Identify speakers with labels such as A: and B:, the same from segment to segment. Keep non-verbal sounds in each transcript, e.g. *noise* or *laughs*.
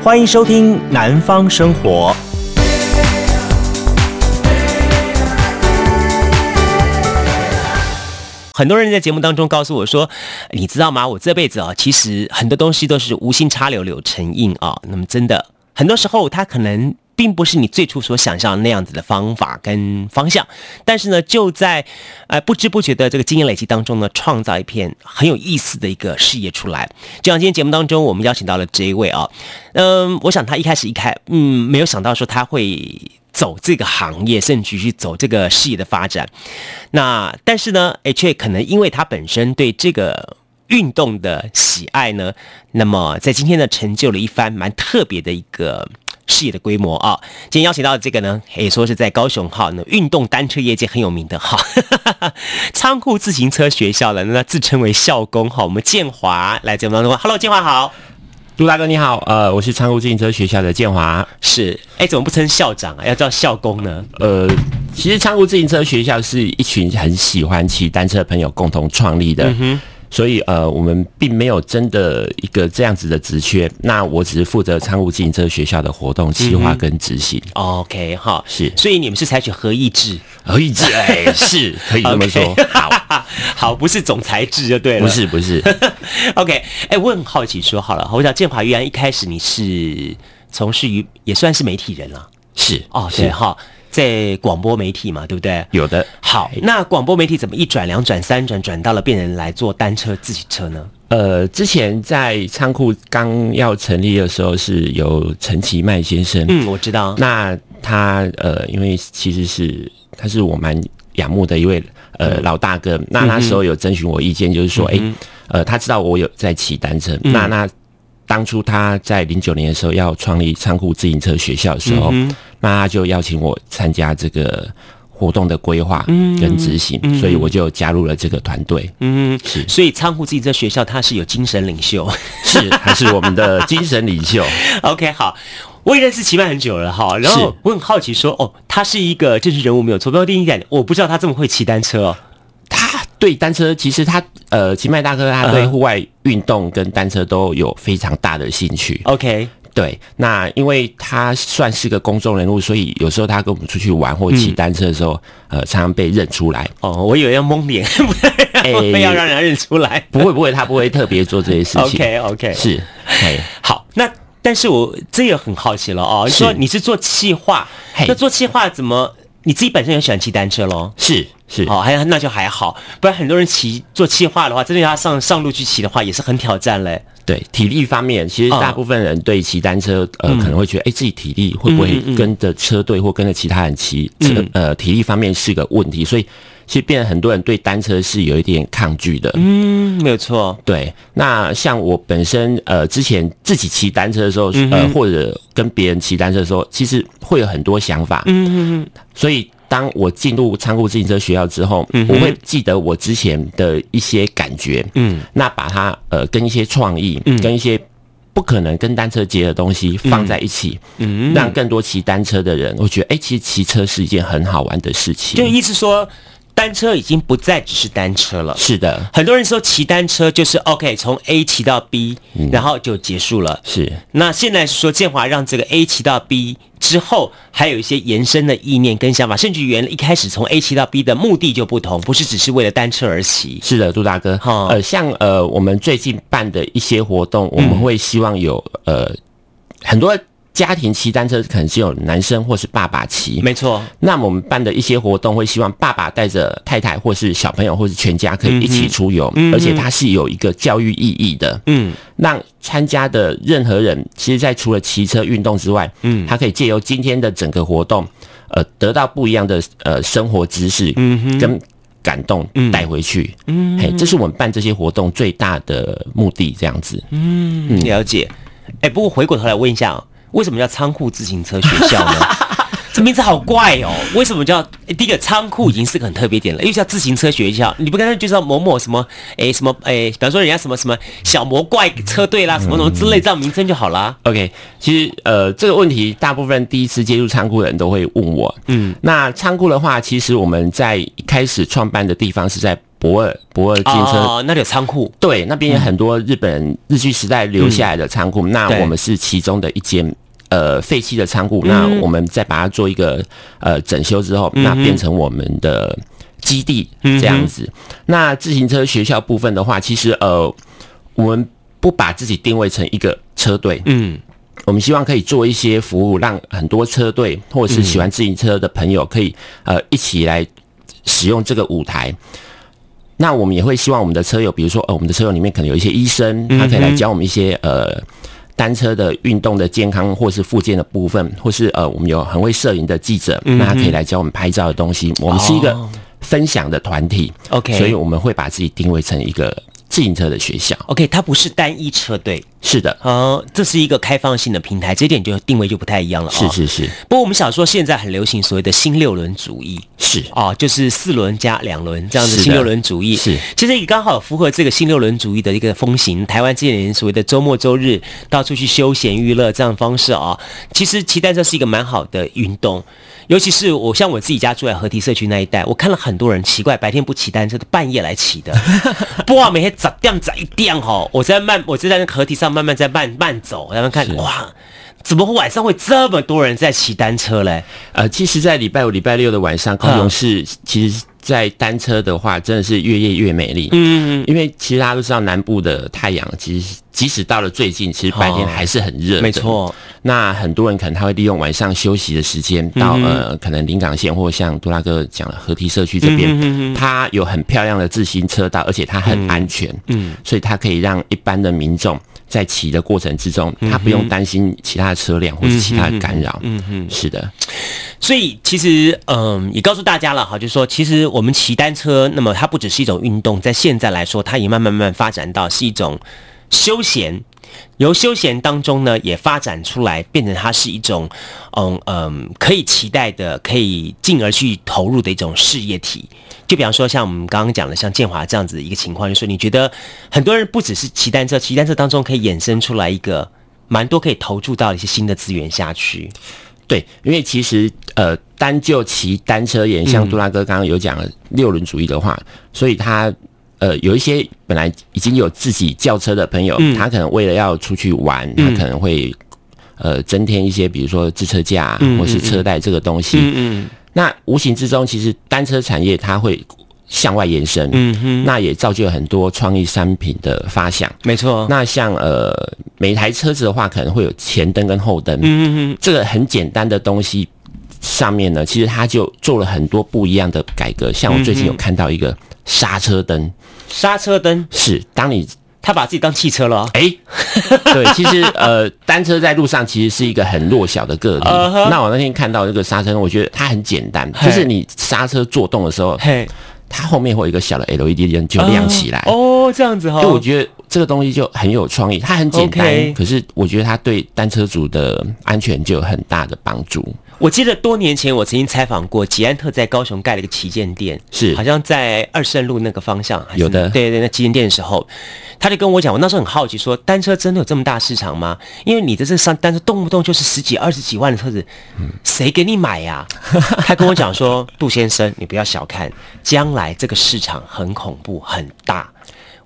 A: 歡迎收聽《南方聲活》。很多人在節目當中告訴我說：“你知道嗎？我這輩子啊，其實很多東西都是無心插柳柳成蔭啊。”那麼，真的，很多時候他可能，並不是你最初所想象那樣子的方法跟方向，但是呢，就在，呃不知不覺的這個經驗累積當中呢，創造一片很有意思的一個事業出來。就像今天節目當中，我們邀請到了這一位啊、哦，嗯，我想他一開始一開始，嗯，沒有想到說他會走這個行業，甚至於去走這個事業的發展。那但是呢，誒卻可能因為他本身對這個運動的喜愛呢，那麼在今天呢，成就了一番蠻特別的一個。事業的規模啊、哦，今天邀請到的這個呢，也、欸、說是在高雄號呢，運動單車業界很有名的哈，倉庫自行車學校的那自稱為校工哈，我們健樺來節目當中，Hello，健樺好，盧大哥你
B: 好，呃，我是倉庫自行車學校的健樺，是，哎、欸，怎麼不稱校長、啊，要叫校工呢？呃，其實倉庫自行車學校是一群很喜歡騎單車的朋友共同創立的。嗯哼所以呃，我們並沒有真的一個這樣子的職缺，那我只是負責倉庫自行車學校的活動企劃跟執行。嗯
A: 嗯、OK 哈，是。所以你們是採取合議制？合議制哎，是可以這麼說。 *laughs* okay, 好、嗯、 *laughs* 好，不是總裁制就對了。不是不是。 *laughs* OK，哎、欸，我很好奇說好了，我想健樺裕安一開始你是從事於也算是媒體人了、啊。是哦，是，哈。在廣播媒體嘛，對不對？有的。好，那廣播媒體怎麼一轉、兩轉、三轉、轉，轉到了病人來做單車、自行車呢？
B: 呃，之前在倉庫剛要成立的時候，是由陳其邁先生。嗯，我知道。那他呃，因為其實是他是我蠻仰慕的一位呃、嗯、老大哥。那那時候有徵詢我意見，嗯嗯，就是說，誒呃，他知道我有在騎單車。嗯、那那。當初他在零九年的時候要創立倉庫自行車學校的時候，嗯、那就邀請我參加這個活動的規劃跟執行、嗯嗯，所以我就加入了這個團隊。嗯
A: 哼，是。所以倉庫自行車學校他是有精神領袖，是還是我們的精神領袖 *laughs* *laughs* ？OK，好，我也認識其邁很久了哈，然後我很好奇說，哦，他是
B: 一個政治人物沒有錯，坐標店應該，我不知道他這麼會騎單車，哦。對，單車其實他呃，其邁大哥、okay. 他對戶外運動跟單車都有非常大的興趣。OK，對，那因為他算是個公眾人物，所以有時候他跟我們出去玩或騎單車的時候，嗯、呃，常常被認出來。哦，我以為要蒙臉，不、
A: 哎，、 *laughs* 我非要讓人家認出來。
B: 不會不會，他不會特別做這些事情。OK OK，是，好。
A: 那但是我這也很好奇了哦，你說你是做企劃，那做企劃怎麼你自己本身也喜歡騎單車咯？是。是好，還有那就還好，不然很多人騎做
B: 企劃的話，真的要上上路
A: 去騎的話，也是很挑戰
B: 嘞。對，體力方面，其實大部分人對騎單車、嗯，呃，可能會覺得，哎、欸，自己體力會不會跟着車隊或跟着其他人騎、嗯嗯，呃，體力方面是個問題，所以其實變得很多人對單車是有一點抗拒的。嗯，沒有錯。對，那像我本身，呃，之前自己騎單車的時候，嗯、呃，或者跟別人騎單車的時候，其實會有很多想法。嗯嗯嗯，所以。當我進入倉庫自行車學校之後，嗯，我會記得我之前的一些感覺。嗯，那把它呃跟一些創意，嗯，跟一些不可能跟單車結合的東西放在一起，嗯，嗯，讓更多騎單車的人，我覺得誒、欸，其實騎車是一件很好玩的事情。就意思說。單車已經不再只是單車了。是的，
A: 很多人說騎單車就是 OK，從 A 騎到 B，、嗯、然後就結束了。是。那現在是說，健樺讓這個 A 騎到 B 之後，還有一些延伸的意念跟想法，甚至原來一開始從 A 騎到 B 的目的就不同，不是只是為了單車而騎。是的，杜
B: 大哥。哈、哦，呃，像呃，我們最近辦的一些活動，我們會希望有、嗯、呃很多。家庭騎單車可能是有男生或是爸爸騎，沒錯。那我們辦的一些活動會希望爸爸帶着太太或是小朋友或是全家可以一起出遊，嗯嗯，而且它是有一個教育意義的。嗯，讓參加的任何人，其實在除了騎車運動之外，嗯，他可以借由今天的整個活動，呃，得到不一樣的呃生活知識跟感動帶回去。嗯，嗯，嘿，這是我們辦這些活動最大的目的，這樣子。嗯，嗯，了解。哎，欸，
A: 不過回過頭來問一下，哦為什麼叫倉庫自行車學校呢？ *laughs* 這名字好怪哦！為什麼叫，誒，第一個倉庫已經是個很特別點了，又叫自行車學校，你不乾脆就說某某什麼
B: 誒什麼誒，比方說人家什麼什麼小魔怪車隊啦，什麼什麼之類這樣名稱就好了。OK，其實呃這個問題大部分第一次接觸倉庫的人都會問我，嗯，那倉庫的話，其實我們在一開始創辦的地方是在博爾博爾自行車、哦、那裡有倉庫，對，那邊有很多日本日據時代留下來的倉庫、嗯。那我們是其中的一間、嗯、呃廢棄的倉庫，那我們再把它做一個呃整修之後、嗯，那變成我們的基地、嗯、這樣子、嗯。那自行車學校部分的話，其實呃，我們不把自己定位成一個車隊，嗯，我們希望可以做一些服務，讓很多車隊或者是喜歡自行車的朋友可以、嗯、呃一起來使用這個舞台。那我們也會希望我們的車友，比如說，呃，我們的車友裡面可能有一些醫生，他可以來教我們一些呃，單車的運動的健康，或是復健的部分，或是呃，我們有很會攝影的記者，那他可以來教我們拍照的東西。我們是一個分享的團體、oh.，OK，所以我們會把自己定位成一個。自行車的學校，OK，它不是單一車隊，是的，啊、嗯，這是一個
A: 開放性的平台，這點就定位就不太一樣了、哦。是是是，不過我們想說，現在很流行所謂的“新六輪主義”，是哦、嗯、就是四輪加兩輪這樣子。新六輪主義是，是，其實也剛好符合這個新六輪主義的一個風行。台灣這些年所謂的周末、周日到處去休閒娛樂這樣的方式啊、哦，其實騎單車是一個蠻好的運動。尤其是我像我自己家住在河堤社區那一帶，我看了很多人奇怪，白天不騎單車，半夜來騎的。不啊，每天早這樣早一點哈，我在慢，我就在那河堤上慢慢在慢慢走，然後看哇。
B: 怎麼晚上會這麼多人在騎單車嘞？呃，其實，在禮拜五、禮拜六的晚上，高雄市其實在單車的話，真的是越夜越美麗。嗯，嗯，嗯、因為其實大家都知道，南部的太陽，其實即使到了最近，其實白天還是很熱、哦。沒錯。那很多人可能他會利用晚上休息的時間，到、嗯嗯、呃，可能臨港線，或像多拉哥講的河堤社區這邊，它嗯嗯嗯嗯有很漂亮的自行車道，而且它很安全。嗯，嗯，嗯、所以它可以讓一般的民眾。在騎的過程之中，他不用擔心其他的車輛或者是其他的干擾。嗯哼，是的。
A: 所以其實，嗯，也告訴大家了哈，就是說，其實我們騎單車，那麼它不只是一種運動，在現在來說，它也慢慢慢慢發展到是一種休閒。由休閒當中呢，也發展出來，變成它是一種，嗯嗯，可以期待的，可以進而去投入的一種事業體。就比方說，像我們剛剛講的，像健樺這樣子的一個情況，就說、是、你覺得很多人不只是騎單車，騎單車當中可以衍生出來一個蠻多
B: 可以投注到一些新的資源下去。對，因為其實呃，單就騎單車，也像杜拉哥剛剛有講六輪主義的話，嗯、所以他。呃，有一些本來已經有自己轎車的朋友，嗯，他可能為了要出去玩，嗯，他可能會呃增添一些，比如說自車架，啊，嗯嗯嗯或是車帶這個東西。嗯嗯，那無形之中，其實單車產業它會向外延伸。嗯哼。那也造就了很多創意商品的發想。沒錯。那像呃，每台車子的話，可能會有前燈跟後燈。嗯嗯。這個很簡單的東西上面呢，其實它就做了很多不一樣的改革。像我最近有看到一個剎車燈。剎車燈是，當你他把自己當汽車了、啊。哎、欸，對，其實呃，單車在路上其實是一個很弱小的個體。 *laughs* 那我那天看到這個剎車，我覺得它很簡單，uh -huh. 就是你剎車作動的時候，嘿、hey.，它後面會有一個小的 LED 燈就亮起來。哦、
A: uh -huh.，oh, 這樣子哈、哦，就我覺
B: 得這個東西就很有創意，它很簡單，okay. 可是我覺得它對單車主的安全就有很大的幫助。
A: 我記得多年前，我曾經採訪過捷安特在高雄蓋了一個旗艦店，是，好像在二聖路那個方向，有的。對，對對，那旗艦店的時候，他就跟我講，我那時候很好奇，說，單車真的有這麼大市場嗎？因為你的這三單車動不動就是十幾、二十幾萬的車子，嗯，誰給你買呀、啊？他跟我講說， *laughs* 杜先生，你不要小看，將來這個市場很恐怖很大。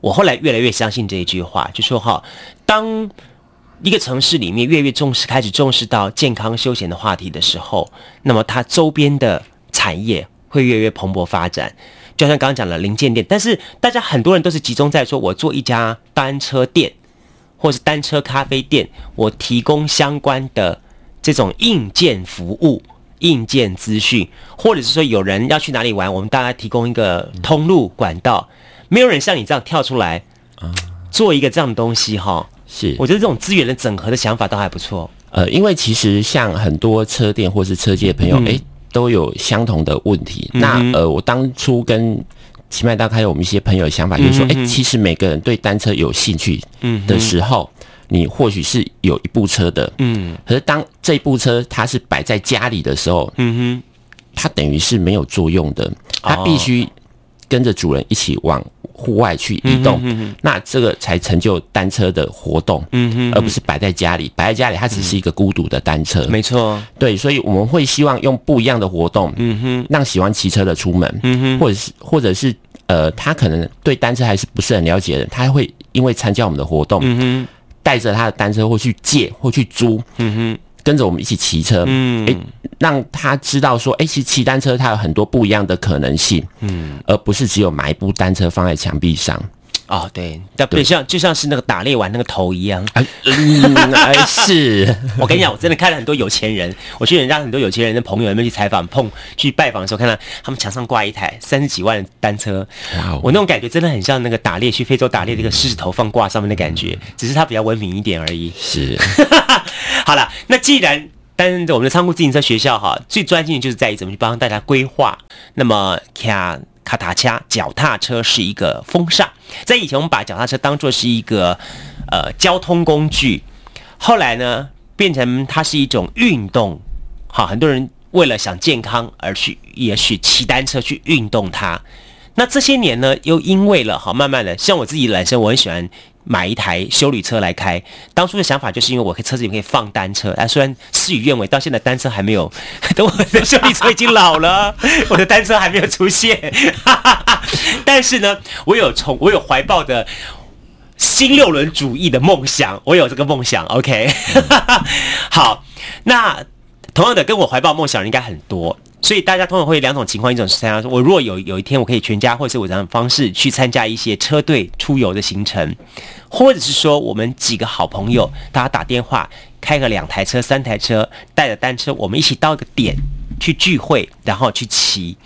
A: 我後來越來越相信這一句話，就說哈，當。一個城市裡面越來越重視，開始重視到健康休閒的話題的時候，那麼它周邊的產業會越來越蓬勃發展。就像剛剛講的零件店，但是大家很多人都是集中在說，我做一家單車店，或是單車咖啡店，我提供相關的這種硬件服務、硬件資訊，或者是說有人要去哪裡玩，我們大家提供一個通路管道。沒有人像你這樣跳出來，嗯、做一個這樣的東西哈。是，我覺得這種資源的整合的想法倒還不錯。
B: 呃，因為其實像很多車店或是車界朋友，哎、嗯欸，都有相同的問題。嗯、那呃，我當初跟其邁大哥我們一些朋友的想法，就是說，哎、嗯欸，其實每個人對單車有興趣的時候，嗯、你或許是有一部車的，嗯，可是當這部車它是擺在家裡的時候，嗯
A: 哼，
B: 它等於是沒有作用的，它必須跟着主人一起往。戶外去移動、嗯哼哼，那這個才成就單車的活動，嗯、哼哼而不是擺在家裡。擺在家裡，它只是一個孤獨的單車。沒、嗯、錯，對，所以我們會希望用不一樣的活動，嗯、哼讓喜歡騎車的出門，嗯、哼或者是或者是呃，他可能對單車還是不是很了解的人，他會因為參加我們的活動，帶、嗯、着他的單車或去借或去租。嗯哼跟着我們一起騎車，誒、嗯欸，讓他知道說，欸，其實騎單車，它有很多不一樣的可能性，嗯，而不是只有買一部單車放在牆壁上。
A: 哦，對，但不對，就像就像是那個打獵完那個頭一樣，還、哎 *laughs* 嗯哎、是我跟你講，我真的看了很多有錢人，我去人家很多有錢人的朋友那邊去採訪，碰去拜訪的時候，看到他們牆上掛一台三十幾萬的單車，我那種感覺真的很像那個打獵去非洲打獵那個獅子頭放掛上面的感覺，嗯，只是它比較文明一點而已。是， *laughs* 好了，那既然擔任著我們的倉庫自行車學校哈，最專心的就是在於怎麼去幫大家規劃，那麼看。卡塔恰，腳踏車是一個風尚。在以前，我們把腳踏車當作是一個呃交通工具，後來呢，變成它是一種運動。好，很多人為了想健康而去，也許騎單車去運動它。那這些年呢，又因為了好，慢慢的，像我自己來說，我很喜歡。買一台休旅車來開，當初的想法就是因為我車子裡面可以放單車。啊，雖然事與願違，到現在單車還沒有，等我的休旅車已經老了， *laughs* 我的單車還沒有出現，哈哈哈哈，但是呢，我有從，我有懷抱的新六輪主義的夢想，我有這個夢想，OK， *laughs* 好，那同樣的跟我懷抱夢想人應該很多。所以大家通常會有兩種情況，一種是參加。我如果有有一天我可以全家，或者是我這樣的方式去參加一些車隊出遊的行程，或者是說我們幾個好朋友，大家打電話開個兩台車、三台車，帶着單車，我們一起到一個點去聚會，然後去騎。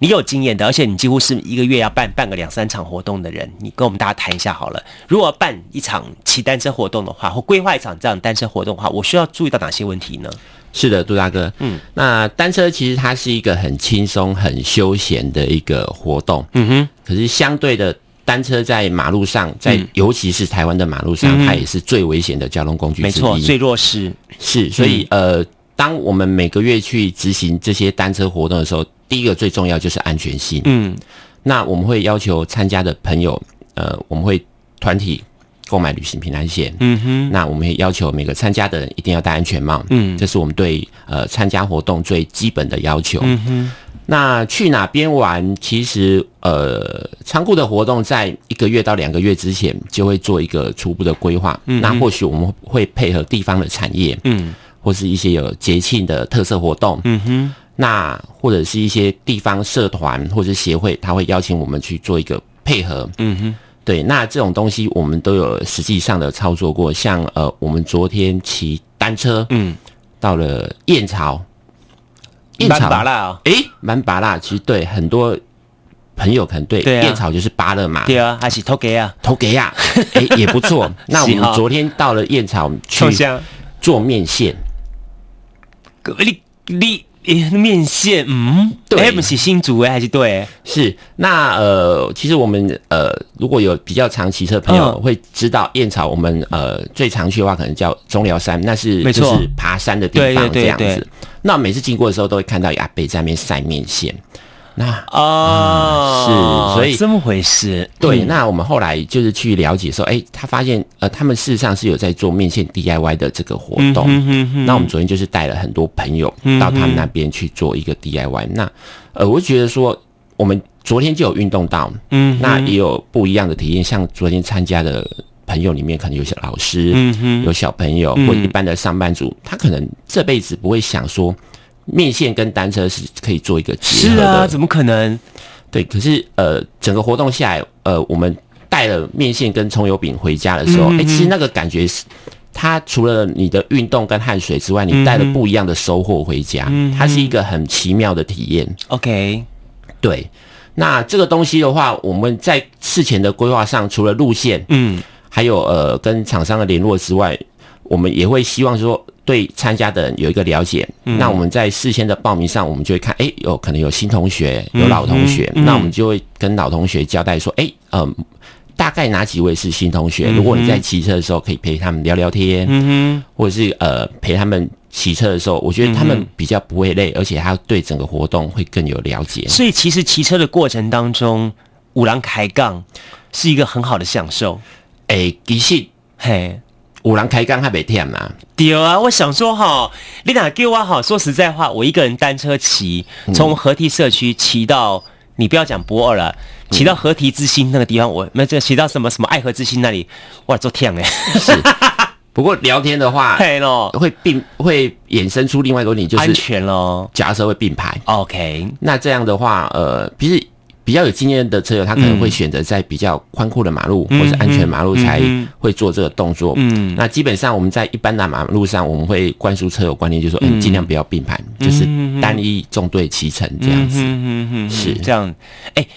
A: 你有經驗的，而且你幾乎是一個月要辦辦個兩三場活動的人，你跟我們大家談一下好了。如果要辦一場騎單車活動的話，或規劃一場這樣單車活
B: 動的話，我需要注意到哪些問題呢？是的，杜大哥。嗯，那單車其實它是一個很輕鬆、很休閒的一個活動。嗯哼。可是相對的，單車在馬路上，在尤其是台灣的馬路上，嗯，它也是最危險的交通工具之一，沒錯，最弱勢。是，所以，嗯，呃，當我們每個月去執行這些單車活動的時候，第一個最重要就是安全性。嗯，那我們會要求參加的朋友，呃，我們會團體。購買旅行平安險。嗯哼，那我們也要求每個參加的人一定要戴安全帽。嗯，這是我們對呃參加活動最基本的要求。嗯哼，那去哪邊玩？其實呃，倉庫的活動在一個月到兩個月之前就會做一個初步的規劃。嗯，那或許我們會配合地方的產業。嗯，或是一些有節慶的特色活動。嗯哼，那或者是一些地方社團或者協會，他會邀請我們去做一個配合。嗯哼。對，那這種東西我們都有實際上的操作過，像呃，我們昨天騎單車，嗯，到了燕巢，燕巢，哎、哦，蠻芭樂，其實對很多朋友可能對,對、啊、燕巢就是芭樂嘛，對啊，還是托給啊，托給啊，哎、欸、也不錯。 *laughs* 那我們昨天到了燕巢去做面線，你你。欸、麵線，嗯，對、欸、不是新竹、欸、還是對、欸，是那呃，其實我們呃，如果有比較常騎車的朋友會知道，燕巢我們呃最常去的話，可能叫中寮山，那是就是爬山的地方這樣子。對對對對對，那每次經過的時候，都會看到阿伯在那邊曬麵線。那、哦嗯、是，所以這麼回事，嗯。對，那我們後來就是去了解說，誒，他發現，呃，他們事實上是有在做麵線 DIY 的這個活動。嗯、哼哼哼。那我們昨天就是帶了很多朋友到他們那邊去做一個 DIY，嗯。那呃，我覺得說，我們昨天就有運動到，嗯，那也有不一樣的體驗。像昨天參加的朋友裡面，可能有些老師，嗯哼，有小朋友，嗯，或一般的上班族，他可能這輩子不會想說。麵線跟單車是可以做一個結合的，是啊，怎麼可能？對，可是呃，整個活動下來，呃，我們帶了麵線跟蔥油餅回家的時候，哎、嗯欸，其實那個感覺是，它除了你的運動跟汗水之外，你帶了不一樣的收穫回家，嗯、它是一個很奇妙的體驗。OK，嗯、對，那這個東西的話，我們在事前的規劃上，除了路線，嗯，還有呃，跟廠商的聯絡之外，我們也會希望說。對參加的人有一個了解，那我們在事先的報名上，我們就會看，哎，有可能有新同學，有老同學，嗯嗯，那我們就會跟老同學交代說，哎，嗯、呃，大概哪幾位是新同學。如果你在騎車的時候可以陪他們聊聊天，嗯哼，或者是呃陪他們騎車的時候，我覺得他們比較不會累，而且他對整個活動會更有了解。所
A: 以，其實騎車的過程當中，五郎抬槓是一個很好的享受。哎，的確，嘿。五郎開缸還袂忝啊？對啊，我想說哈，你哪給我好？說實在話，我一個人單車騎，從河堤社區騎到，嗯，你不要講不二了，騎到河堤之心那個地方，嗯，我那這騎到什麼什麼愛河之心那裡，哇，足忝誒，是， *laughs* 不過聊天的話，咯
B: 會並會衍生出另外一個問題，就是安全咯，假設會並排。OK，那這樣的話，呃，不是。比較有經驗的車友，他可能會選擇在比較寬闊的馬路、嗯、或者安全的馬路、嗯嗯、才會做這個動作。嗯，那基本上我們在一般的馬路上，我們會灌輸車友觀念就是，就說嗯，儘、嗯、量不要並排，就是單一縱隊騎乘這樣子。嗯嗯嗯，嗯，嗯，是這樣。
A: 哎、欸，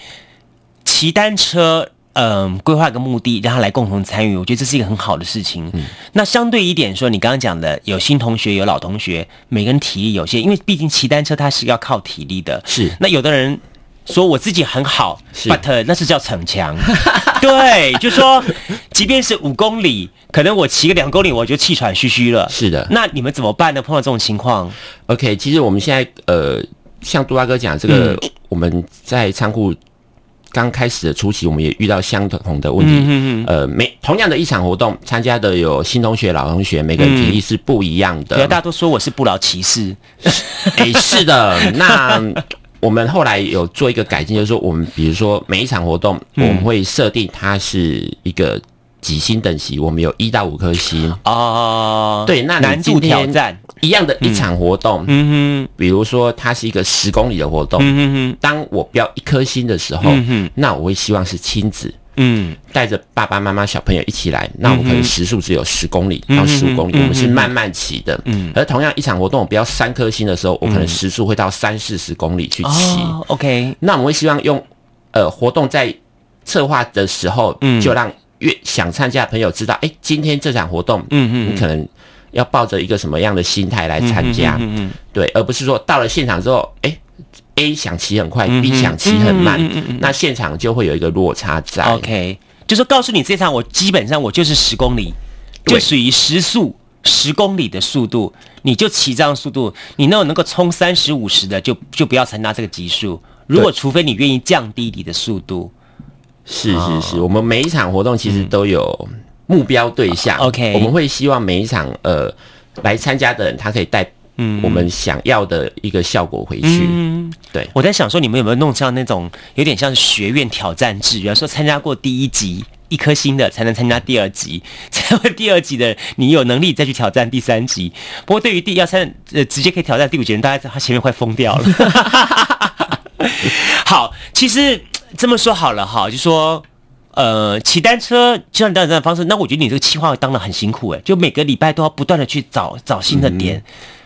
A: 騎單車，嗯、呃，規劃個目的，讓他來共同參與，我覺得這是一個很好的事情。嗯，那相對一點說，你剛剛講的有新同學有老同學，每個人體力有限，因為畢竟騎單車它是要靠體力的。是，那有的人。說我自己很好，是，but 那是叫逞強， *laughs* 對，就說， *laughs* 即便是五公里，可能我騎個兩公里我就氣喘籲籲了。是
B: 的，那你們怎麼辦呢？碰到這種情況？OK，其實我們現在呃，像杜大哥講這個、嗯，我們在倉庫剛開始的初期，我們也遇到相同的問題。嗯嗯,嗯。呃，每同樣的一場活動，參加的有新同學、老同學，每個人體力是不一樣的。嗯、大家都說我是不老騎士。哎、 *laughs* 欸，是的，那。我們後來有做一個改進，就是說我們比如說每一場活動，嗯、我們會設定它是一個幾星等級，我們有一到五顆星哦。對，那難度挑戰一樣的一場活動，嗯哼，比如說它是一個十公里的活動，嗯哼哼，當我標一顆星的時候、嗯哼哼，那我會希望是親子。嗯，帶着爸爸媽媽、小朋友一起來，那我們可能時速只有十公里、嗯、到十五公里、嗯嗯，我們是慢慢騎的。嗯，而同樣一場活動，我標三顆星的時候，我可能時速會到三四十公里去騎、哦。OK，那我們會希望用呃活動在策劃的時候就讓越想參加的朋友知道，哎、嗯欸，今天這場活動，嗯嗯，你可能要抱着一個什麼樣的心態來參加？嗯嗯，嗯，對，而不是說到了現場之後，哎、欸。A 想騎很快，嗯，B 想騎很慢，嗯嗯，那現場就會有一個落差在。OK，
A: 就是告訴你這場，我基本上我就是十公里，就屬於時速十公里的速度，你就騎這樣速度，你那種能夠衝三十五十的就就不要參加這
B: 個級數。如果除非你願意降低你的速度，是是是，Oh. 我們每一場活動其實都有目標對象。嗯，OK，我們會希望每一場呃來參加的人他可以帶。我們想要的一個效果回去。嗯，
A: 對，我在想說，你們有沒有弄像那種有點像是學院挑戰制，比方說參加過第一集一顆星的，才能參加第二集，才會第二集的，你有能力再去挑戰第三集。不過對於第要參呃直接可以挑戰第五集，大家在他前面快瘋掉了。 *laughs* *laughs* 好，其實這麼說好了哈，就說呃騎單車就像你剛才這樣的方式，那我覺得你這個計劃當得很辛苦哎、欸，就每個禮拜都要不斷的去找找新的點。嗯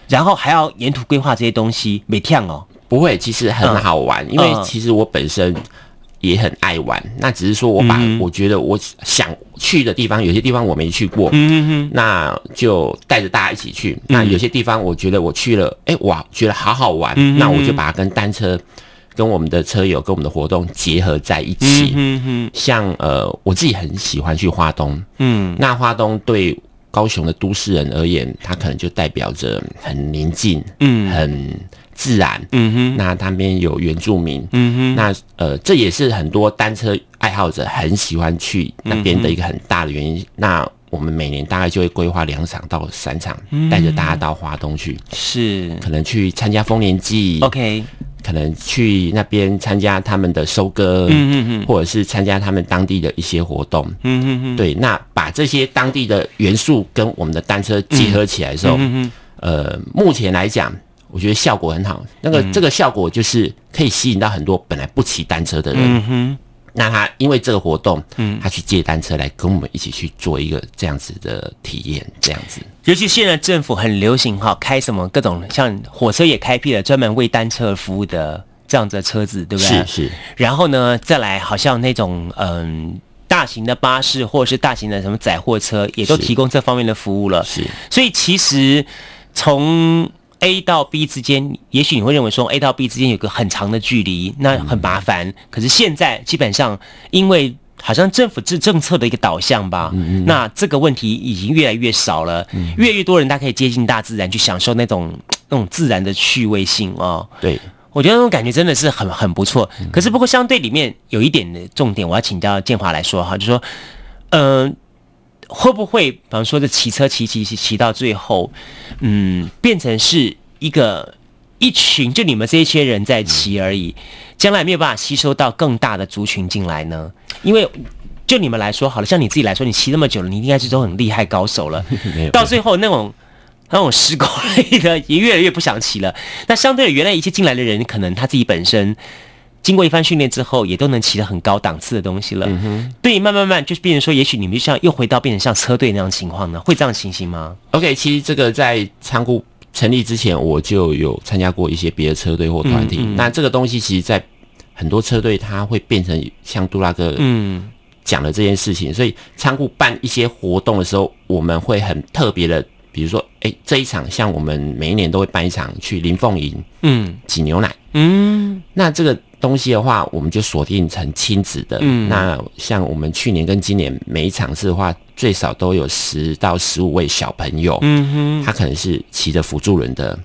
A: 然後還要沿途規劃這些東西，每天哦，不會，其實很好玩、嗯，因為其
B: 實我本身也很愛玩。嗯、那只是說我把、嗯、我覺得我想去的地方，有些地方我沒去過，嗯、哼哼那就帶着大家一起去、嗯。那有些地方我覺得我去了，哎、欸，哇，覺得好好玩、嗯哼哼，那我就把它跟單車、跟我們的車友、跟我們的活動結合在一起。嗯、哼哼像呃，我自己很喜歡去花東，嗯，那花東對。高雄的都市人而言，它可能就代表着很寧靜，嗯，很自然，嗯哼。那那邊有原住民，嗯哼。那呃，這也是很多單車愛好者很喜歡去那邊的一個很大的原因。嗯、那我們每年大概就會規劃兩場到三場，帶、嗯、着大家到華東去，是可能去參加豐年祭，OK，可能去那邊參加他們的收割，嗯嗯嗯，或者是參加他們當地的一些活動，嗯嗯嗯，對，那把這些當地的元素跟我們的單車結合起來的時候，嗯嗯，呃，目前來講，我覺得效果很好。那個、嗯、這個效果就是可以吸引到很多本來不騎單車的人，嗯哼。那他因為這個活動，嗯，他去借單車來跟我們一起去做一個這樣子的體驗，這樣子。
A: 尤其現在政府很流行哈，開什麼各種像火車也開闢了專門為單車服務的這樣子的車子，對不對？是是。然後呢，再來好像那種嗯、呃、大型的巴士或者是大型的什麼載貨車也都提供這方面的服務了。是，是。所以其實從。A 到 B 之間，也許你會認為說 A 到 B 之間有個很長的距離，那很麻煩。嗯、可是現在基本上，因為好像政府制政策的一個導向吧，嗯、那這個問題已經越來越少了，嗯、越來越多人他可以接近大自然，去享受那種那種自然的趣味性啊、哦。對，我覺得那種感覺真的是很很不錯。可是不過相對裡面有一點的重點，我要請教健樺來說哈，就是、說嗯。呃會不會，比方說，這騎車騎騎騎騎到最後，嗯，變成是一個一群，就你們這一些人在騎而已，嗯、將來沒有辦法吸收到更大的族群進來呢？因為就你們來說，好了，像你自己來說，你騎那麼久了，你應該是都很厲害高手了，到最後那種那種施工類的，也越來越不想騎了。那相對的，原來一些進來的人，可能他自己本身。經過一番訓練之後，也都能騎得很高檔次的東西了。嗯哼。對，慢慢慢慢就是變成說，也許你們就像又回到變成像車隊那樣情況呢？會這樣情形嗎
B: ？OK，其實這個在倉庫成立之前，我就有參加過一些別的車隊或團體。嗯嗯。那這個東西，其實，在很多車隊，它會變成像杜拉克。嗯講的這件事情。嗯。所以倉庫辦一些活動的時候，我們會很特別的。比如說，誒、欸、這一場像我們每一年都會辦一場去林鳳營，嗯，擠牛奶，嗯，那這個東西的話，我們就鎖定成親子的。嗯，那像我們去年跟今年每一場次的話，最少都有十到十五位小朋友，嗯哼，他可能是騎着輔助輪的。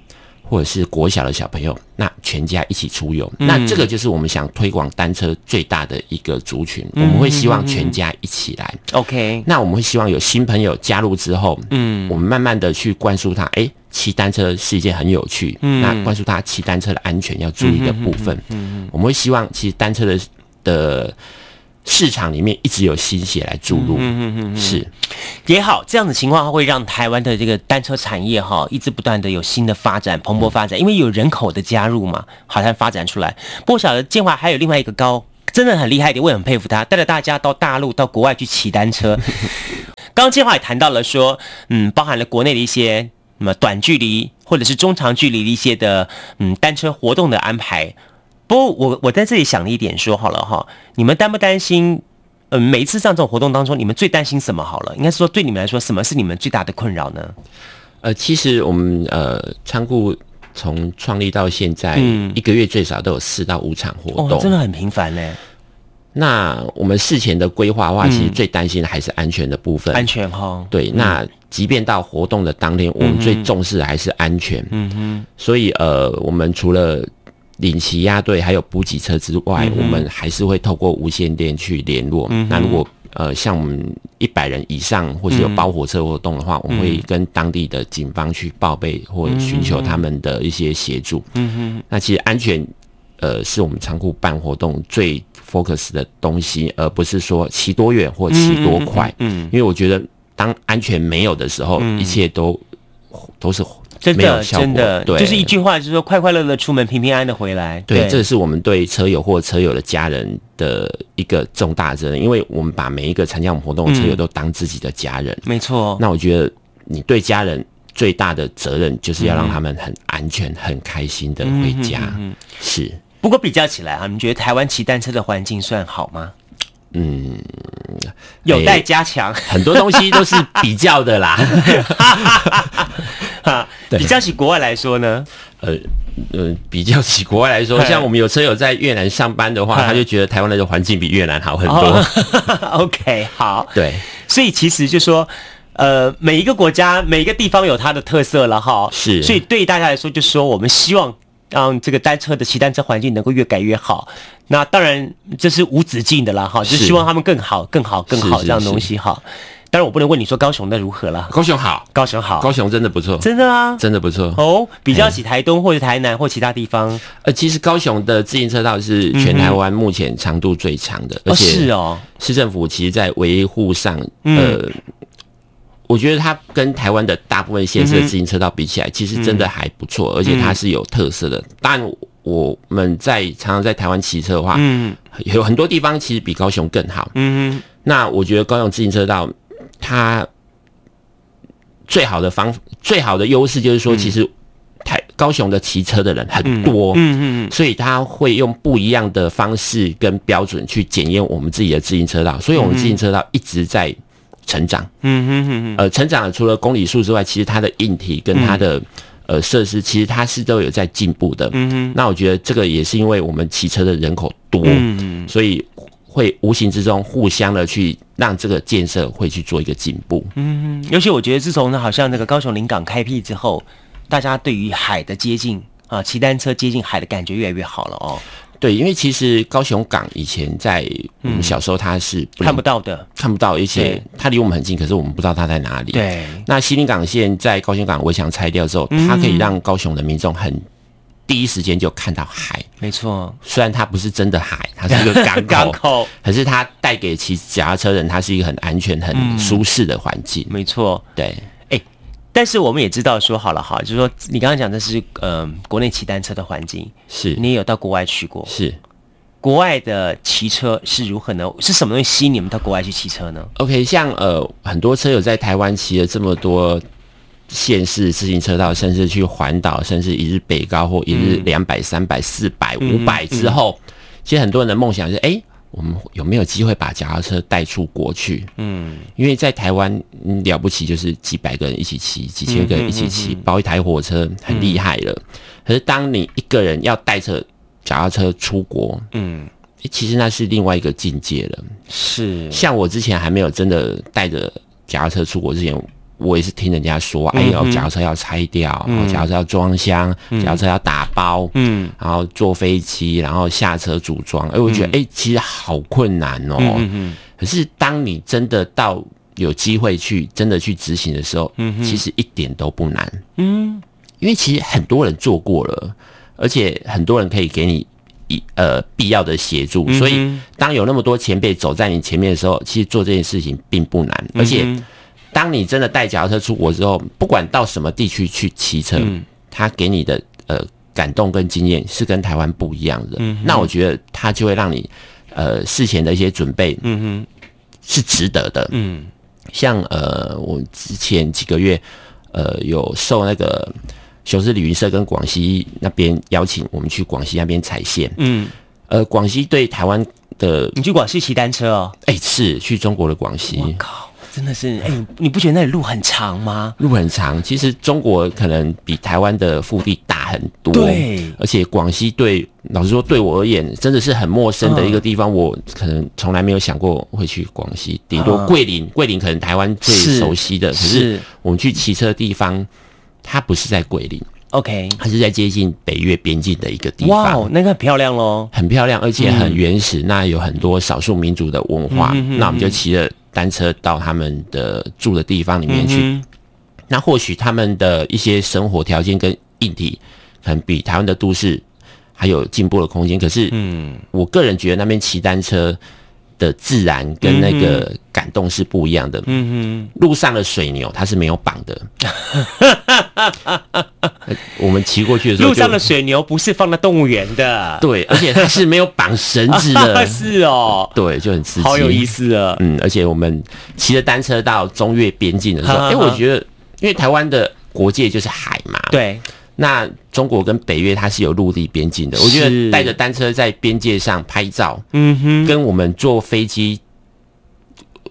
B: 或者是國小的小朋友，那全家一起出遊，嗯，那這個就是我們想推廣單車最大的一個族群，嗯。我們會希望全家一起來，OK，嗯嗯。那我們會希望有新朋友加入之後，嗯，我們慢慢的去灌輸他，哎、欸，騎單車是一件很有趣。嗯，那灌輸他騎單車的安全要注意的部分，嗯，嗯嗯嗯嗯我們會希望騎單車的的。市場裡面一直有新血來注入，嗯嗯是也好，這樣的情況會讓台灣的這個單車產
A: 業哈、哦、一直不斷的有新的發展蓬勃發展，嗯，因為有人口的加入嘛，好像發展出來。不過，曉得健樺還有另外一個高，真的很厲害的，我也很佩服他，帶着大家到大陸、到國外去騎單車。剛 *laughs* 剛健樺也談到了說，嗯，包含了國內的一些什麼、嗯、短距離或者是中長距離的一些的嗯單車活動的安排。不過我，我我在這裡想了一點說好了哈，你們擔不擔心？嗯、呃，每一次上這種活
B: 動當中，你們最擔心什麼？好了，應該是說對你們來說，什麼是你們最大的困擾呢？呃，其實我們呃倉庫從創立到現在、嗯，一個月最少都有四到五場活動，哦、真
A: 的很頻繁呢、欸。
B: 那我們事前的規劃的話、嗯，其實最擔心的還是安全的部分，安全哈。對，那即便到活動的當天、嗯，我們最重視的還是安全。嗯哼，所以呃，我們除了領騎押隊還有補給車之外、嗯，我們還是會透過無線電去聯絡。嗯、那如果呃像我們一百人以上或是有包火車活動的話、嗯，我們會跟當地的警方去報備或者尋求他們的一些協助。嗯哼，那其實安全呃是我們倉庫辦活動最 focus 的東西，而不是說騎多遠或騎多快。嗯，因為我覺得當安全沒有的時候，嗯、一切都都是。真的，真的，對，就是一
A: 句話，就是說，快快樂樂出門，平平安安的回來。對。對，這
B: 是我們對車友或車友的家人的一個重大責任，嗯，因為我們把每一個參加我們活動的車友都當自己的家人。嗯、沒錯。那我覺得，你對家人最大的責任，就是要讓他們很安全、很開心的回家，嗯。是。
A: 不過比較起來啊，你們覺得台灣騎單車的環境算好嗎？
B: 嗯，有待加強。欸、 *laughs* 很多東西都是比較的啦。 *laughs* *laughs* 哈，比較起國外來說呢，呃，呃，比較起國外來說，像我們有車友在越南上班的話，他就覺得台灣的這個環境比越南好很多。
A: Oh, OK，好，對，所以其實就是說，呃，每一個國家每一個地方有它的特色了哈。是，所以對大家來說，就是說我們希望讓這個單車的騎單車環境能夠越改越好。那當然這是無止境的啦哈，就希望他們更好、更好、更好，是是是是這樣東西
B: 哈。但然我不能問你說高雄的如何了。高雄好，高雄好，高雄真的不錯，真的啊，真的不錯哦。比較起台東或者台南或其他地方，呃，其實高雄的自行車道是全台灣目前長度最長的，而且是哦，市政府其實在維護上，呃，我覺得它跟台灣的大部分縣市的自行車道比起來，其實真的還不錯，而且它是有特色的。然我們在常常在台灣騎車的話，嗯，有很多地方其實比高雄更好，嗯嗯。那我覺得高雄自行車道。它最好的方，最好的優勢就是說，其實太高雄的騎車的人很多，嗯嗯嗯，所以他會用不一樣的方式跟標準去檢驗我們自己的自行車道，所以我們自行車道一直在成長，嗯嗯嗯嗯，呃，成長的除了公里數之外，其實它的硬體跟它的呃設施，其實它是都有在進步的，嗯嗯，那我覺得這個也是因為我們騎車的人口多，所以。會無形之中互相的去讓這個建設會去做一個進步，嗯，尤其我覺得自從呢好像那個高雄臨港開闢
A: 之後，大家對於海的接近啊，騎單車接近海的感覺越來越好了哦。
B: 對，因為其實高雄港以前在我們小時候它是不、嗯、看不到的，看不到，而且它離我們很近，可是我們不知道它在哪裡。對，那西臨港線在高雄港圍牆拆掉之後，它可以讓高雄的民眾很。嗯第一時間就看到海，沒錯。雖然它不是真的海，它是一個港口。 *laughs* 港口，可是它帶給騎腳踏車人，它是一個很安全、嗯、很舒適的環境。沒錯，對。哎、欸，但是我們也知道
A: 說，好了哈，就是說你剛剛講的是，嗯、呃，國內騎單車的環境。是，你也有到國外去過？是。國外的騎車是如何呢？是什麼東西吸引你們到國外去騎車呢
B: ？OK，像呃，很多車友在台灣騎了這麼多，縣市自行車道，甚至去環島，甚至一日北高或一日兩百、三百、四百、五百之後，嗯嗯嗯，其實很多人的夢想是：誒、欸、我們有沒有機會把腳踏車帶出國去？嗯，因為在台灣、嗯、了不起就是幾百個人一起騎，幾千個人一起騎，嗯嗯嗯嗯，包一台火車很厲害了，嗯嗯。可是當你一個人要帶着腳踏車出國，嗯、欸，其實那是另外一個境界了。是，像我之前還沒有真的帶着腳踏車出國之前，我也是聽人家說，哎呦，腳車要拆掉，嗯、然後腳車要裝箱，腳、嗯、車要打包，嗯，然後坐飛機，然後下車組裝。哎，我覺得，哎、嗯欸，其實好困難哦。嗯嗯嗯嗯、可是，當你真的到有機會去真的去執行的時候，嗯嗯、其實一點都不難嗯。嗯，因為其實很多人做過了，而且很多人可以給你一呃必要的協助，嗯嗯、所以當有那麼多前輩走在你前面的時候，其實做這件事情並不難，嗯嗯、而且。當你真的帶腳踏車出國之後，不管到什麼地區去騎車，他、嗯、給你的呃感動跟經驗是跟台灣不一樣的。嗯、那我覺得他就會讓你呃事前的一些準備，嗯哼，是值得的。嗯，嗯，像呃我之前幾個月呃有受那個雄獅旅行社跟廣西那邊邀請，我們去廣西那邊踩線。嗯，呃廣西對台灣的，你去廣西騎單車哦？哎、欸，是去中國的廣西。我靠！
A: 真的是，哎、欸，你不覺得那裡路很長嗎？
B: 路很長，其實中國可能比台灣的腹地大很多。對，而且廣西對，老實說，對我而言，真的是很陌生的一個地方。嗯、我可能從來沒有想過會去廣西，頂多桂林、嗯，桂林可能台灣最熟悉的。可是我們去騎車的地方，它不是在桂林。OK，它是在接近北越邊境的一個地方。哇、wow，
A: 那個很漂亮咯，
B: 很漂亮，而且很原始。嗯、那有很多少數民族的文化。嗯、哼哼哼，那我們就騎着單車到他們的住的地方裡面去。嗯、那或許他們的一些生活條件跟硬體，可能比台灣的都市還有進步的空間。可是，嗯，我個人覺得那邊騎單車的自然跟那個感動是不一樣的。嗯，路上的水牛它是沒有綁的。 *laughs* 我們騎過去的時候，路上的
A: 水牛不是放在動物園的，對，而且它
B: 是沒有綁繩子的，是哦，對，就很刺激，好有意思哦。嗯，而且我們騎着單車到中越邊境的時候，哎，我覺得，因為台灣的國界就是海嘛，對，那中國跟北越它是有陸地邊境的，我覺得帶着單車在邊界上拍照，嗯哼，跟我們坐飛機。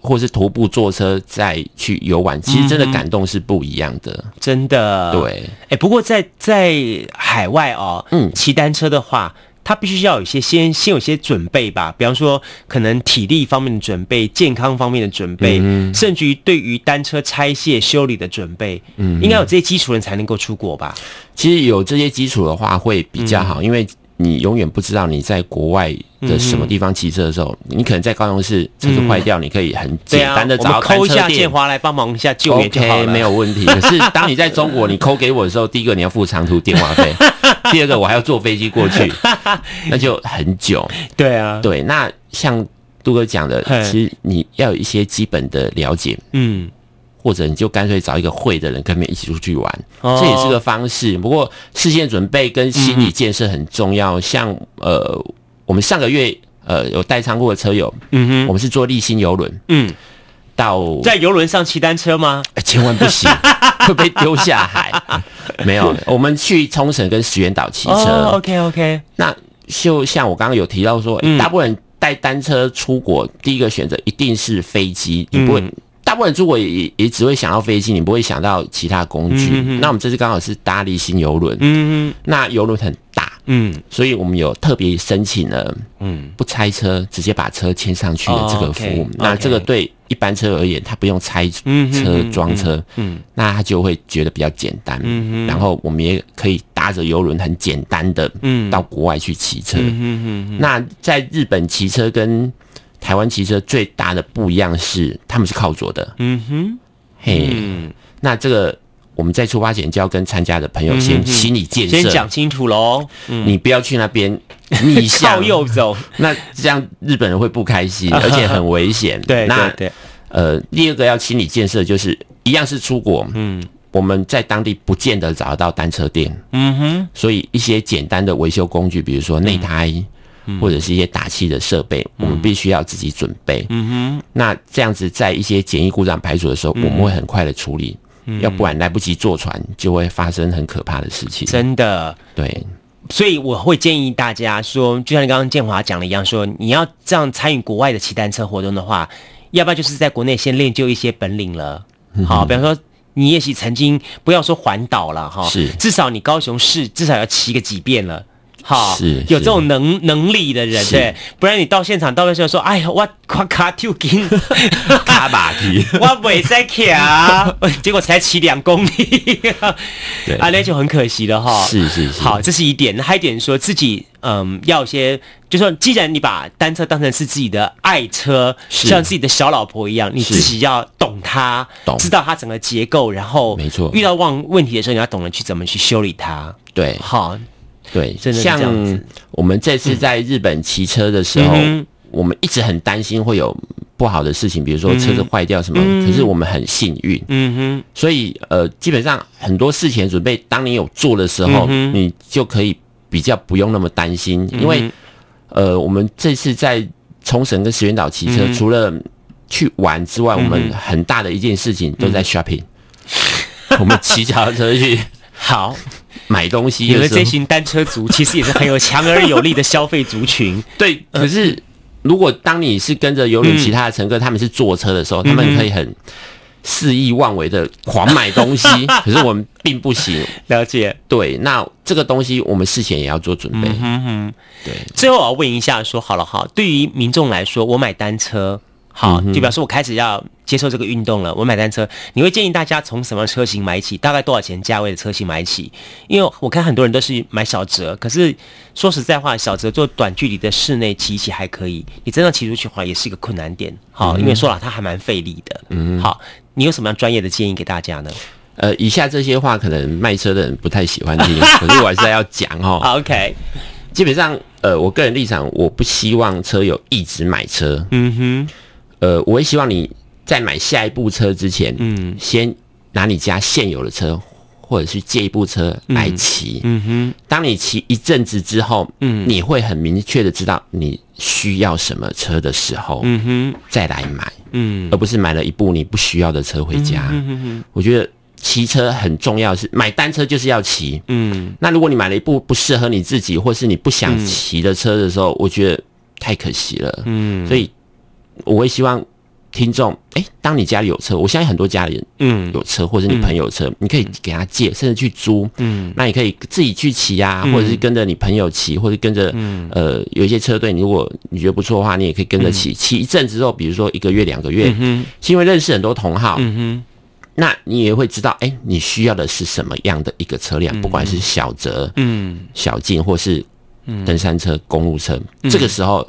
B: 或是徒步、坐車再去遊玩，其實真的感動是不一樣的，嗯、真的。對，哎、欸，不過在在海外哦，嗯，騎單車的話，他必須要
A: 有些先先有些準備吧，比方說可能體力方面的準備、健康方面的
B: 準備，嗯、甚至於對於單車拆卸、修理的準備，嗯，應該有這些基礎的人才能夠出國吧。其實有這些基礎的話會比較好，嗯、因為。你永遠不知道你在國外的什麼地方騎車的時候、嗯，你可能在高雄市車子壞掉、嗯，你可以很簡單的、啊、找到店。我們扣一下健樺
A: 來幫忙一下救援就好了。Okay, 沒有問題。 *laughs* 可是當你
B: 在中國，你扣給我的時候， *laughs* 第一個你要付長途電話費， *laughs* 第二個我還要坐飛機過去， *laughs* 那就很久。對啊，對。那像杜哥講的， *laughs* 其實你要有一些基本的了解。 *laughs* 嗯。或者你就乾脆找一個會的人跟你們一起出去玩，oh. 這也是個方式。不過事先準備跟心理建設很重要。Mm -hmm. 像呃，我們上個月呃有帶倉庫的車友，嗯哼，我們是坐立新郵輪，嗯、mm -hmm.，到在
A: 遊輪上騎單車嗎？
B: 千萬不行， *laughs* 會被丟下海。 *laughs* 沒有，我們去沖繩跟石垣島騎車。Oh, OK OK。那就像我剛剛有提到說，欸、大部分人帶單車出國，第一個選擇一定是飛機，mm -hmm. 你不會。大部分如果也也只會想到飛機，你不會想到其他工具。嗯。那我們這次剛好是搭麗星遊輪。嗯嗯。那遊輪很大。嗯。所以我們有特別申請了，嗯，不拆車，直接把車牽上去的這個服務。哦 okay, okay。那這個對一般車而言，他不用拆車裝、嗯、車。嗯。那他就會覺得比較簡單。嗯、然後我們也可以搭着遊輪，很簡單的，嗯，到國外去騎車。嗯，那在日本騎車跟台灣騎車最大的不一樣是，他們是靠左的。嗯哼，嘿、hey, 嗯，那這個我們在出發前就要跟參加的朋友先心理建設、嗯，先講清楚嘍、嗯。你不要去那邊逆向右走， *laughs* 那這樣日本人會不開心，而且很危險、啊。對，對,對，那呃，第二個要心理建設就是，一樣是出國，嗯，我們在當地不見得找得到單車店。嗯哼，所以一些簡單的維修工具，比如說內胎。嗯或者是一些打氣的設備、嗯，我們必須要自己準備嗯。嗯哼，那這樣子在一些簡易故障排除的時候、嗯，我們會很快的處理。嗯，要不然來不及坐船，就會發生很可怕的事情。真
A: 的，對，所以我會建議大
B: 家說，就
A: 像你剛剛建華講的一樣說，說你要這樣參與國外的騎單車活動的話，要不要就是在國內先練就一些本領了、嗯？好，比方說你也許曾經不要說環島了哈，是至少你高雄市至少要騎個幾遍了。好，有這種能能力的人，對，不然你到現場到那時候說，哎呀，我卡卡跳筋，
B: 卡把筋，
A: 我，我， *laughs* 我不會再騎，結果才騎兩公里，啊，那就很可惜了齁。是是是，好，這是一點。還有一點，說自己嗯，要先，就說，既然你把單車當成是自己的愛車是，像自己的小老婆一樣，你自己要懂它，知道它整個結構，然後，沒錯，遇到問問題的時候，你要懂
B: 得去怎麼去修理它。對，好。對，真的。像我們這次在日本騎車的時候、嗯，我們一直很擔心會有不好的事情，嗯、比如說車子壞掉什麼、嗯。可是我們很幸運，嗯哼。所以呃，基本上很多事情準備當你有做的時候、嗯，你就可以比較不用那麼擔心、嗯。因為呃，我們這次在沖繩跟石原島騎車、嗯，除了去玩之外、嗯，我們很大的一件事情都在 shopping、嗯。 *laughs* 我們騎腳踏車去，好。買東西有的這群
A: 單車族，其實也是很有強而有力
B: 的消費族群。 *laughs* 對，可是如果當你是跟着遊輪其他的乘客、嗯嗯，他們是坐車的時候，嗯嗯他們可以很肆意妄為的狂買東西。 *laughs* 可是我們並不行。了解。對，那這個東西我們事前也要做準備。嗯、哼哼對。最後
A: 我要問一下說，說好了哈，對於民眾來說，我買單車，好，嗯、就表示我開始要。接受這個運動了，我買單車，你會建議大家從什麼車型買起？大概多少錢價位的車型買起？因為我看很多人都是買小折。可是說實在話，小折做短距離的室內騎騎還可以，你真的騎出去的話，也是一個困難點。好，嗯、因為說了它還蠻費力的。嗯，好，你有什麼樣專業的建議給大家呢？
B: 呃，以下這些話可能賣車的人不太喜歡聽， *laughs* 可是我還是要講哈、哦。OK， *laughs* 基本上，呃，我個人立場，我不希望車友一直買車。嗯哼，呃，我也希望你。在買下一部車之前，嗯，先拿你家現有的車，或者是借一部車來騎，當你騎一陣子之後，你會很明確的知道你需要什麼車的時候，再來買，而不是買了一部你不需要的車回家。我覺得騎車很重要，是買單車就是要騎，嗯。那如果你買了一部不適合你自己，或是你不想騎的車的時候，我覺得太可惜了，所以我會希望。聽眾，欸，當你家裡有車，我相信很多家裡人，嗯，有車或者你朋友車、嗯，你可以給他借，甚至去租，嗯，那你可以自己去騎啊、嗯，或者是跟着你朋友騎，或者跟着、嗯、呃有一些車隊，如果你覺得不錯的話，你也可以跟着騎。騎、嗯、一陣子之後，比如說一個月、兩個月，嗯，因為認識很多同好嗯哼，那你也會知道，欸，你需要的是什麼樣的一個車輛、嗯，不管是小折、嗯小徑，或是登山車、嗯、公路車、嗯，這個時候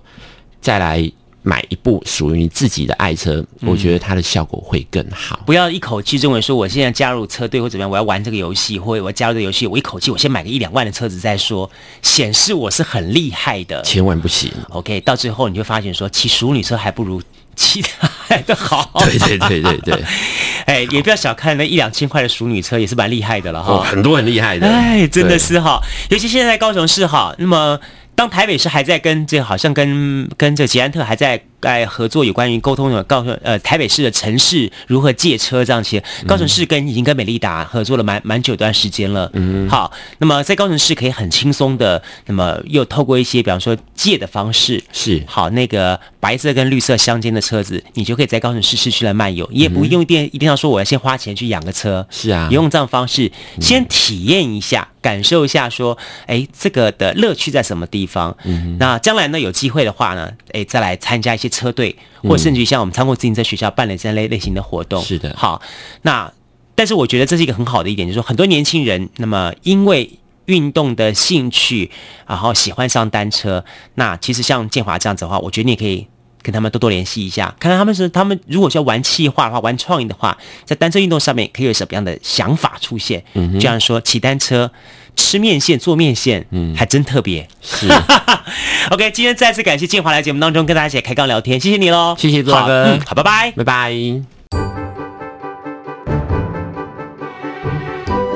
B: 再來。買一部屬於你自己的愛車、嗯，我覺得它的效果會更好。
A: 不要一口氣認為說我現在加入車隊或怎麼樣，我要玩這個遊戲，或者我要加入這個遊戲，我一口氣我先買個一兩萬的車子再說，顯示我是很厲害的。千萬不行。OK，到最後你就發現說騎淑女車還不如騎它來
B: 的好。對對對對對、 *laughs* 欸，
A: 哎，也不要小看那一兩千塊的淑女車，也是蠻厲害的了哈、哦。很多很厲害的，哎，真的是哈，尤其現在在高雄市哈，那麼。當台北市還在跟這好像跟跟這捷安特還在哎合作有關於溝通的，告訴呃台北市的城市如何借車這樣些。其實高雄市跟，嗯、已經跟美利達合作了蠻蠻久一段時間了。嗯。好，那麼在高雄市可以很輕鬆的，那麼又透過一些比方說借的方式是好，那個白色跟綠色相間的車子，你就可以在高雄市市區來漫遊，你也不用定，嗯、一定要說我要先花錢去養個車。是啊。用這樣方式先體驗一下。嗯感受一下，說，哎、欸，這個的樂趣在什麼地方？嗯，那將來呢，有機會的話呢，哎、欸，再來參加一些車隊、嗯，或甚至於像我們倉庫自行車學校辦了這類類型的活動。是的，好，那但是我覺得這是一個很好的一點，就是說很多年輕人，那麼因為運動的興趣，然後喜歡上單車。那其實像建華這樣子的話，我覺得你可以。跟他們多多聯繫一下，看看他們是他們如果需要玩企劃的話，玩創意的話，在單車運動上面可以有什麼樣的想法出現？嗯，就像說騎單車、吃麵線、做麵線，嗯，還真特別。是 *laughs* ，OK，今天再次感謝健樺來節目當中跟大家一起開槓聊天，謝謝你嘍，謝謝哥，好的，好，拜、嗯、拜，拜拜。Bye bye bye bye